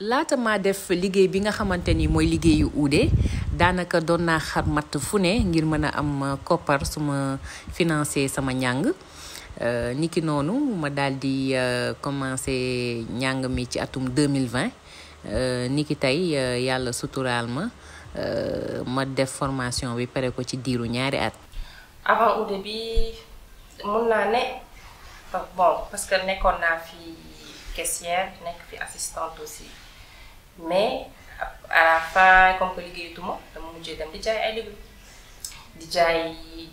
laata maa def liggéey bi nga xamante ni mooy liggéeyu uude daanaka doon naa xar matt fu ne ngir mën a am koppar su ma financé sama njàng euh, niki noonu ma daal di euh, commencé njàng mi ci atum 2020 euh, niki tey yàlla suturaal ma ma def formation bi pare ko ci diiru ñaari at. avant uude bi mun naa ne bon nekkoon naa fi caissière nekk fi assistante aussi. mais à la fin comme que liggéeyatuma dama mujjee dem di jaay ay légumes di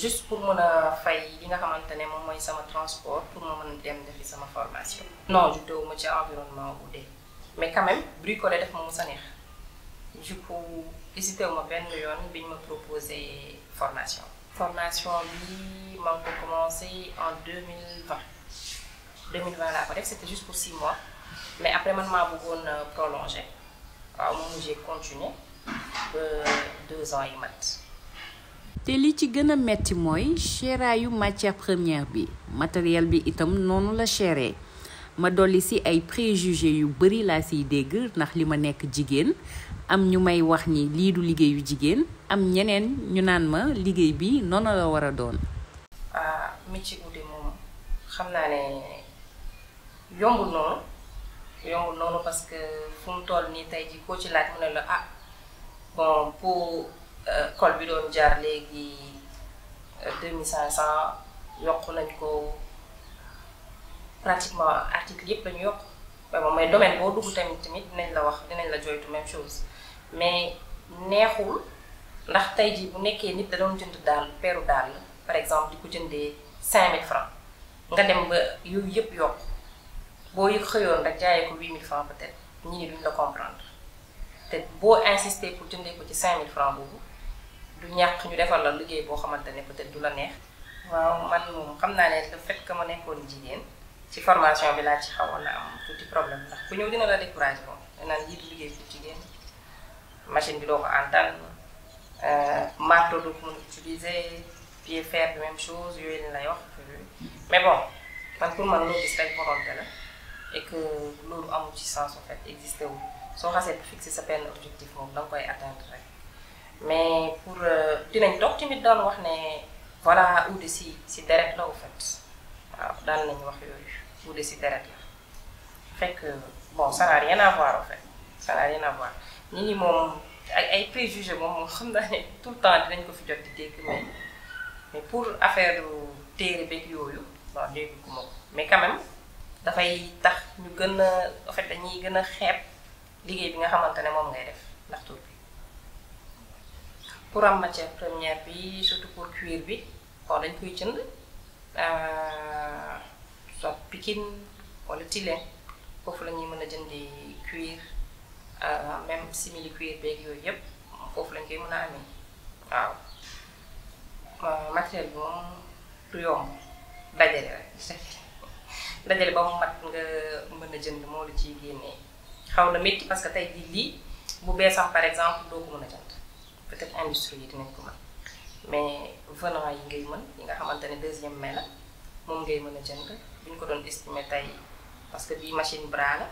juste pour mon a fay li nga xamante ne moom sama transport pour ma mën dem defi sama formation. non juddoowuma ci environnement ou dé mais quand même bricoler def mo mus neex du coup hésité wu ma benn yoon bi ma proposé formation. formation bi m'a commencé en 2020 2020 là deux ko c'était juste pour six mois. mais après man maa bëggoon euh, prolongé waaw moom j'ai continué ba deux ans yi mat. te li ci gën a metti mooy chéeraayu matière première bi matériel bi itam noonu la chéré ma dolli ci ay préjugés yu bari laa siy dégg ndax li ma nekk jigéen am ñu may wax ni lii du liggéeyu jigéen am ñeneen ñu naan ma liggéey bi noonu la war a doon. ah métier moom xam naa ne yombul noonu. yombul noonu parce que fu mu toll nii tey jii koo ci laaj mu ne la ah bon pour euh, col bi doon jaar léegi euh, deux mille cinq cent yokku nañ ko pratiquement article yëpp lañu yokk mais moom mooy domaine boo dugg tamit tamit dinañ la wax dinañ la joytu même chose mais neexul ndax tey jii bu nekkee nit da doon jënd daal peeru daal par exemple di ko jëndee cinq mille francs nga dem ba yooyu yëpp yokk boo yëg xëyoon rek jaayee ko huit mille francs peut-être ñi ni duñ la comprendre te boo insister pour jëndee ko ci cinq mille francs boobu du ñàkk ñu defal la liggéey boo xamante ne peut-être du la neex. waaw man moom xam naa ne le fait que ma nekkoon jigéen ci formation bi laa ci xawoon na am tuuti problème ndax ku ñëw dina la découragé moom danaan yii du liggéey pour jigéen machine bi doo ko antan euh, marteau doo ko mën utiliser pied fer même chose yooyu lañ lay wax mais bon man pour man loo gis rek volonté la et que loolu amul ci sens en fait existé wu soo xasee ba fixé sa benn objectif moom da nga koy atteindre rek mais pour une euh, toog dans doon wax ne voilà uude si si direct là en fait waaw daal nañu wax yooyu direct là deret la fekk bon ça n'a rien à voir en fait ça n'a rien à voir Minimum, ni moom ay ay préjugé moom xam tout le temps dinañ ko fi jot di mais mais pour affaire téere beeg yooyu waaw dégg ko mais quand même dafay tax ñu gën a en fait dañuy gën a xeeb liggéey bi nga xamante ne moom ngay def ndax tur bi pour am matière première bi surtout pour cuir bi xool dañ koy jënd euh, soit Pikine wala foofu la ñuy mën a jëndi cuir euh, même simili cuir beeg yooyu yëpp foofu lañ koy mën a amee waaw euh, matériel bi moom du yomb rek. dajale ba mu mat nga mën a jënd moo la ciy génnee xaw na métti parce que tey jii lii bu bee sax par exemple doo ko mën a jënd peut-être industrie yi dinañ ko mën mais venant yi ngay mën yi nga xamante ne deuxième mais la moom ngay mën a jënd bu ñu ko doon estimer tey parce que bii machine bra la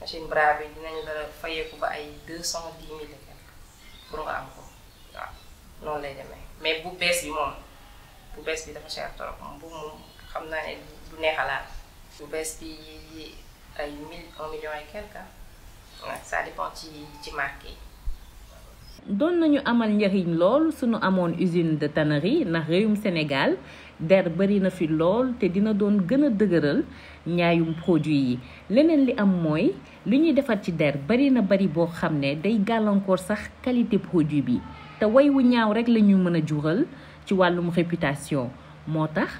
machine bra bi dinañ la fayeeku ba ay deux cent dix mille pour nga am ko waaw noonu lay demee mais bu bees bi moom bu bees bi dafa cher trop moom xam naa ne du bu bees doon nañu amal njariñ lool suñu amoon usine de tannerie ndax réewum Sénégal der bari na fi lool te dina doon gën a dëgëral ñaayum produit yi leneen li am mooy li ñuy defar ci der bari na bari boo xam ne day gàllankoor sax qualité produit bi te way wu ñaaw rekk lañu ñu mën a jural ci wàllum réputation moo tax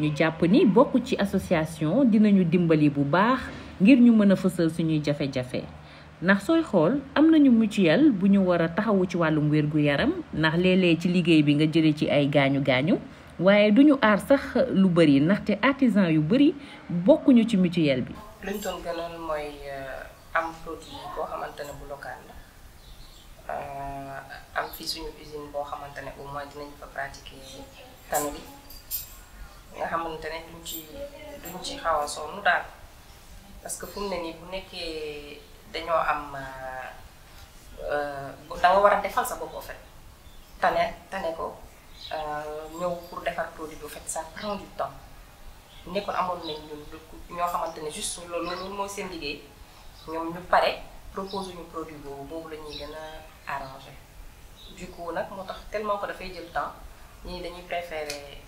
ñu jàpp ni bokk ci association dinañu dimbali bu baax ngir ñu mën a fësal suñuy jafe-jafe ndax sooy xool am nañu mutuelle bu ñu war taxawu ci wàllum wér gu yaram ndax léeg ci liggéey bi nga jëlee ci ay gaañu gaañu waaye du ñu aar sax lu bëri ndaxte artisan yu bari bokkuñu ci mutuelle bi. luñ doon gënal mooy euh, am produit boo xamante ne bu la euh, am fi suñu usine boo xamante ne au fa pratiquer tànn nga xamante ne duñ ci duñ ci xaw a sonn daal parce que fu mu ne nii bu nekkee dañoo am euh, euh, da war a defal sa bopp au tane tane ko euh, ñëw pour defar produit bi au fait ça prend du temps nekkoon amoon nañ ñun ñoo xamante ne juste loolu loolu mooy seen liggéey ñoom ñu pare proposé produit boobu boobu la ñuy gën a arrangé du coup nag moo tax tellement ko dafay jël temps ñii dañuy préféré.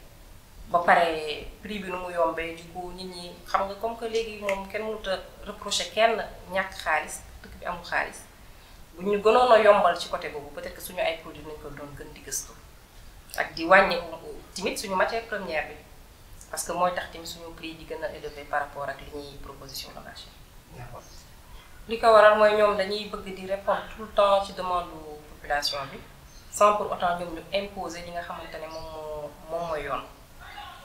ba pare prix bi nu mu yombee du coup nit ñi xam nga comme que léegi moom kenn mënut a reproché kenn ñàkk xaalis dëkk bi amul xaalis bu ñu gënoon yombal ci côté boobu peut-être que suñu ay produits nañ ko doon gën di gëstu ak di wàññi timit suñu matière première bi parce que mooy tax tamit suñu prix di gën a élevé par rapport ak li ñuy proposition de marché. li ko waral mooy ñoom dañuy bëgg di répondre tout le temps ci demande population bi sans pour ñu imposer li nga xamante ne moom moo moom mooy yoon.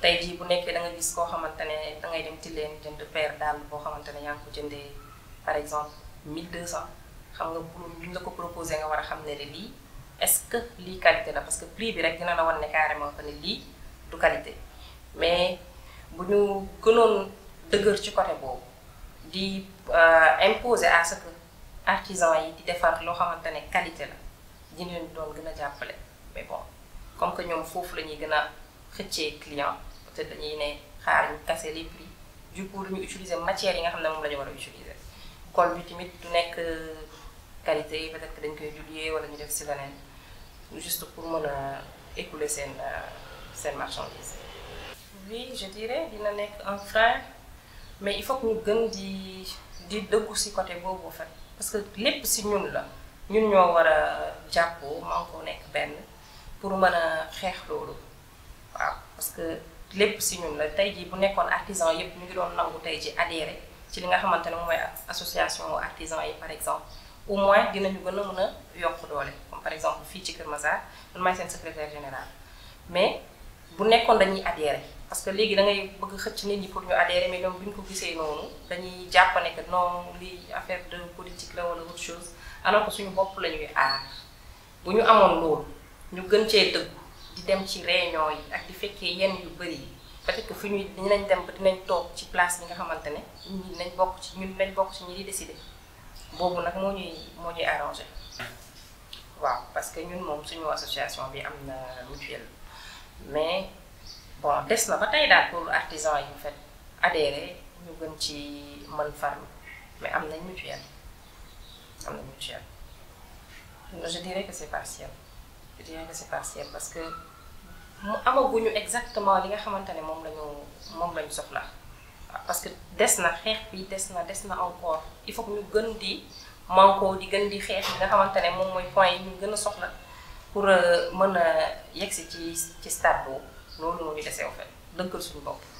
tey jii bu nekkee da nga gis koo xamante ne da ngay dem ci leen jënd paire daal boo xamante ne yaa ngi ko jëndee par exemple 1200 xam nga bu ñu la ko proposé nga war a xam ne ne lii est-ce que lii qualité la parce que prix bi rek dina la wan ne carrément que ne lii du qualité mais bu ñu gënoon dëgër ci côté boobu di euh, imposer à ce que artisan yi di defar loo xamante ne qualité la dinañ doon gën a jàppale mais bon comme que ñoom foofu la ñuy gën a. xëccee client te dañuy ne xaar ñu casser les prix du coup ñu utiliser matière yi nga xam ne moom la ñu war a utiliser col bi tamit du nekk euh, qualité yi peut-être dañ koy julliyee wala ñu def si leneen juste pour mën a écouler seen euh, seen marchandise oui je dirais dina nekk un frein mais il faut que ñu gën di di dëggu si côté boobu en fait parce que lépp si ñun la ñun ñoo war a jàppoo man nekk benn pour mën a xeex loolu waaw parce que lépp si ñun la tey jii bu nekkoon artisan yëpp ñu ngi doon nangu tey ji adhéré ci li nga xamante ne mooy association artisan yi par exemple au moins dinañu gën a mën a yokk doole comme par exemple fii ci Kër Massar man maay seen secrétaire général mais bu nekkoon dañuy adhéré parce que léegi da ngay bëgg xëcc nit ñi pour ñu adhéré mais ñoom bu ko gisee noonu dañuy jàpp ne que non li affaire de politique la wala autre chose alors que suñu bopp la ñuy aar bu ñu amoon loolu ñu gën cee dëggu di dem ci réunion yi ak di fekkee yenn yu bëri peut-être que fu ñuy dinañ dem ba dinañ toog ci place bi nga xamante ne ñun dinañ bokk ci ñun dinañ bokk ci ñi di décidé boobu nag moo ñuy moo ñuy arrangé waaw parce que ñun moom suñu association bi am na mutuelle mais bon des na ba tey daal pour artisan yi en fait adhéré ñu gën ci mën farlu mais am nañ mutuelle am nañ mutuelle je dirais que c'est partiel je dirais que c'est partiel parce que mu amaguñu exactement li nga xamante ne moom lañu moom lañu soxla parce que des na xeex bi des na des na encore il faut ñu gën di manko di gën di xeex li nga xamante ne moom mooy point yi ñu gën a soxla pour euh, mën a yegsi ci ci stade boobu loolu moo ñu deseew fa dëkkal suñu bopp